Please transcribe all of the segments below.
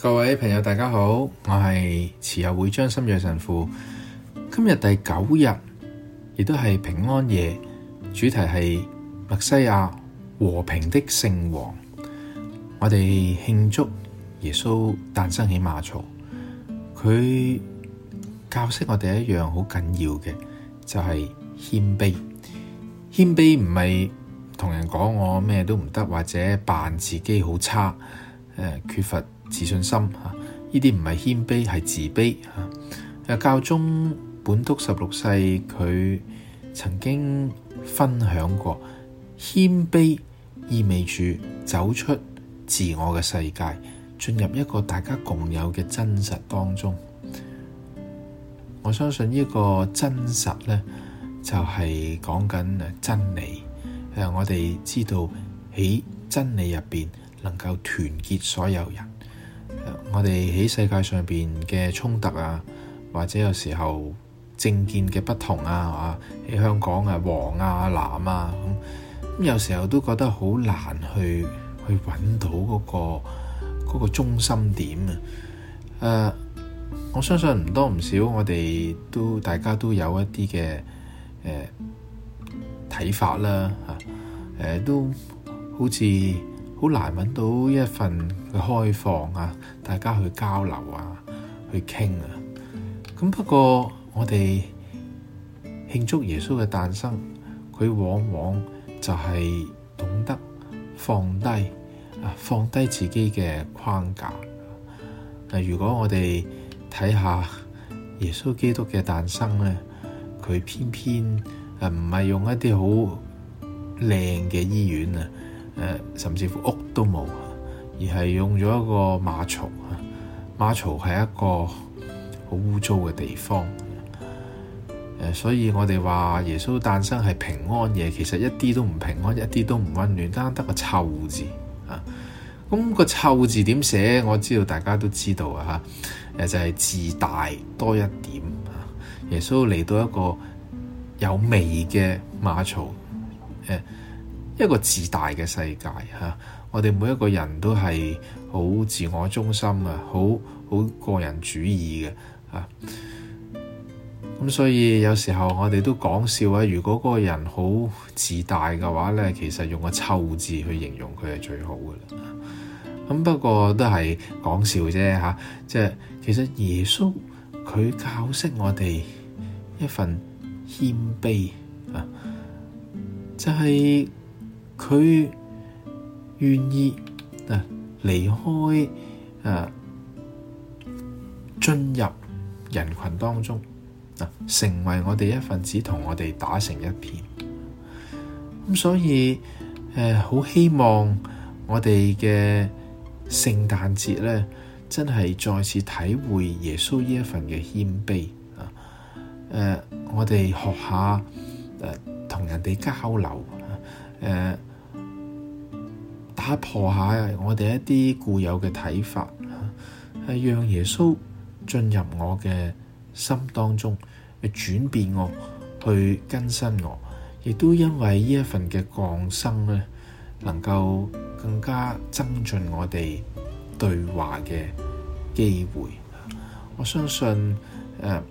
各位朋友，大家好，我係慈幼會張心銳神父。今日第九日，亦都係平安夜，主題是默西亞和平的聖王。我哋慶祝耶穌誕生喺馬槽。佢教識我哋一樣好緊要嘅，就是謙卑。謙卑唔係同人講我咩都唔得，或者扮自己好差，呃，缺乏。自信心吓，呢啲唔係謙卑，係自卑吓。教宗本篤十六世佢曾經分享過，謙卑意味住走出自我嘅世界，進入一個大家共有嘅真實當中。我相信呢個真實咧，就係、是、講緊真理。誒，我哋知道喺真理入邊能夠團結所有人。我哋喺世界上邊嘅衝突啊，或者有時候政見嘅不同啊，喺、啊、香港啊，黃啊、藍啊，咁、嗯、咁有時候都覺得好難去去揾到嗰、那個、那個中心點啊。誒、啊，我相信唔多唔少我們，我哋都大家都有一啲嘅誒睇法啦，吓、啊、誒、啊，都好似，好難揾到一份嘅開放啊，大家去交流啊，去傾啊。咁不過我哋慶祝耶穌嘅誕生，佢往往就係懂得放低啊，放低自己嘅框架。如果我哋睇下耶穌基督嘅誕生咧，佢偏偏啊唔係用一啲好靚嘅醫院啊。甚至乎屋都冇，而係用咗一個馬槽啊，馬槽係一個好污糟嘅地方。所以我哋話耶穌誕生係平安夜，其實一啲都唔平安，一啲都唔溫暖，得得個臭字啊。咁、那個臭字點寫？我知道大家都知道啊，就係、是、自大多一點。耶穌嚟到一個有味嘅馬槽，一個自大嘅世界，吓我哋每一個人都係好自我中心啊，好好個人主義嘅啊。咁所以有時候我哋都講笑啊，如果嗰個人好自大嘅話呢，其實用個臭字去形容佢係最好噶啦。咁不過都係講笑啫，吓即係其實耶穌佢教識我哋一份謙卑啊，就係、是。佢願意啊離開誒、啊、進入人群當中啊，成為我哋一份子，同我哋打成一片。咁所以誒好、啊、希望我哋嘅聖誕節咧，真係再次體會耶穌呢一份嘅謙卑啊誒、啊、我哋學下誒同、啊、人哋交流誒。啊啊打破下我哋一啲固有嘅睇法，係讓耶穌進入我嘅心當中，去轉變我，去更新我，亦都因為呢一份嘅降生咧，能夠更加增進我哋對話嘅機會。我相信，誒、呃，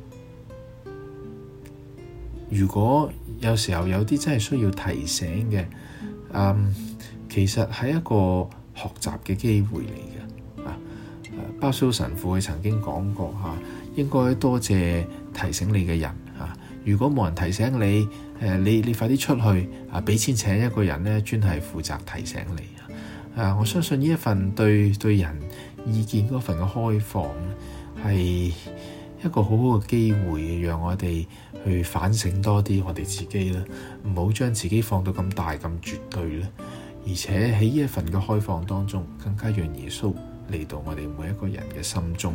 如果有時候有啲真係需要提醒嘅，嗯。其實係一個學習嘅機會嚟嘅、啊。巴蘇神父佢曾經講過嚇、啊，應該多謝提醒你嘅人啊。如果冇人提醒你，誒、啊、你你快啲出去啊，俾錢請一個人咧，專係負責提醒你啊。我相信呢一份對對人意見嗰份嘅開放，係一個好好嘅機會，讓我哋去反省多啲我哋自己啦，唔好將自己放到咁大咁絕對咧。而且喺呢一份嘅開放當中，更加讓耶穌嚟到我哋每一個人嘅心中。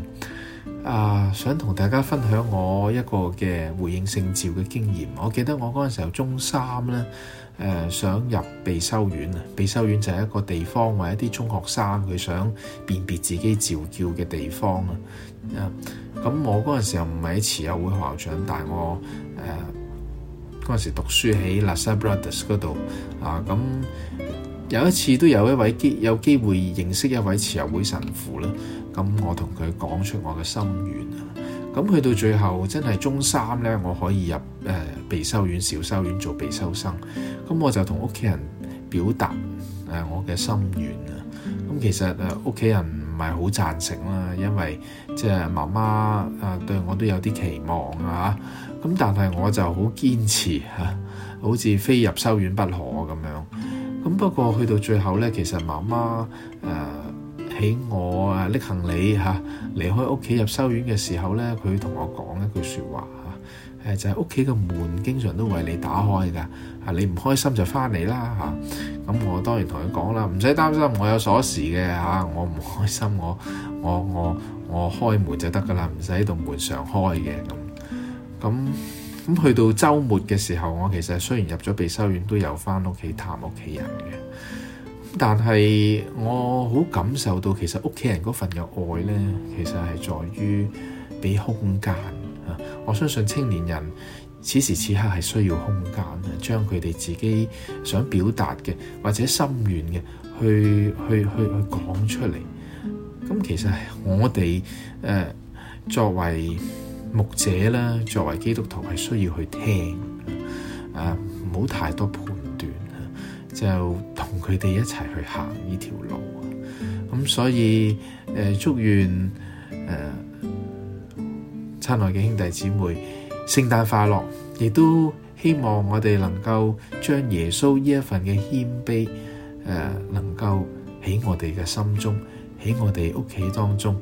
啊、呃，想同大家分享我一個嘅回應聖召嘅經驗。我記得我嗰陣時候中三呢誒、呃、想入備修院啊，備修院就係一個地方，或者一啲中學生佢想辨別自己召叫嘅地方啊。咁、呃、我嗰陣時候唔係喺慈幼會學校長大，但係我誒嗰陣時讀書喺喇沙 brothers 嗰度啊，咁、呃。有一次都有一位機有機會認識一位慈幼會神父啦，咁我同佢講出我嘅心願啊。咁去到最後真係中三呢，我可以入誒備修院、小修院做備修生，咁我就同屋企人表達誒我嘅心願啊。咁其實屋企人唔係好贊成啦，因為即係媽媽誒對我都有啲期望啊。咁但係我就好堅持吓，好似非入修院不可咁樣。咁不過去到最後呢，其實媽媽誒喺、呃、我啊拎行李嚇、啊、離開屋企入修院嘅時候呢，佢同我講一句說話，啊、就係屋企嘅門經常都為你打開㗎，啊你唔開心就翻嚟啦咁，啊、我當然同佢講啦，唔使擔心，啊、心，我有鎖匙嘅嚇，我唔開心我我我我開門就得㗎啦，唔使喺度門常開嘅咁。咁、啊咁去到周末嘅時候，我其實雖然入咗備修院，都有翻屋企探屋企人嘅。但係我好感受到，其實屋企人嗰份嘅愛呢，其實係在於俾空間。我相信青年人此時此刻係需要空間，將佢哋自己想表達嘅或者心願嘅，去去去去，去講出嚟。咁其實我哋、呃、作為牧者咧，作為基督徒係需要去聽，啊，唔好太多判斷、啊，就同佢哋一齊去行呢條路。咁、啊、所以誒、呃，祝願誒親愛嘅兄弟姊妹聖誕快樂，亦都希望我哋能夠將耶穌呢一份嘅謙卑誒、啊，能夠喺我哋嘅心中，喺我哋屋企當中，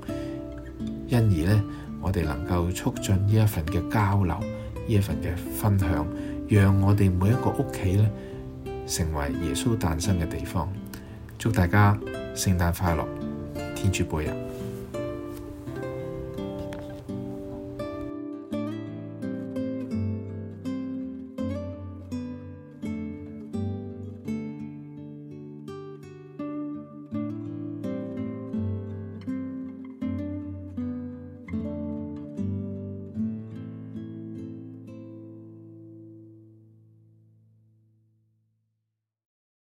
因而咧。我哋能夠促進呢一份嘅交流，呢一份嘅分享，讓我哋每一個屋企咧成為耶穌誕生嘅地方。祝大家聖誕快樂！天主保佑！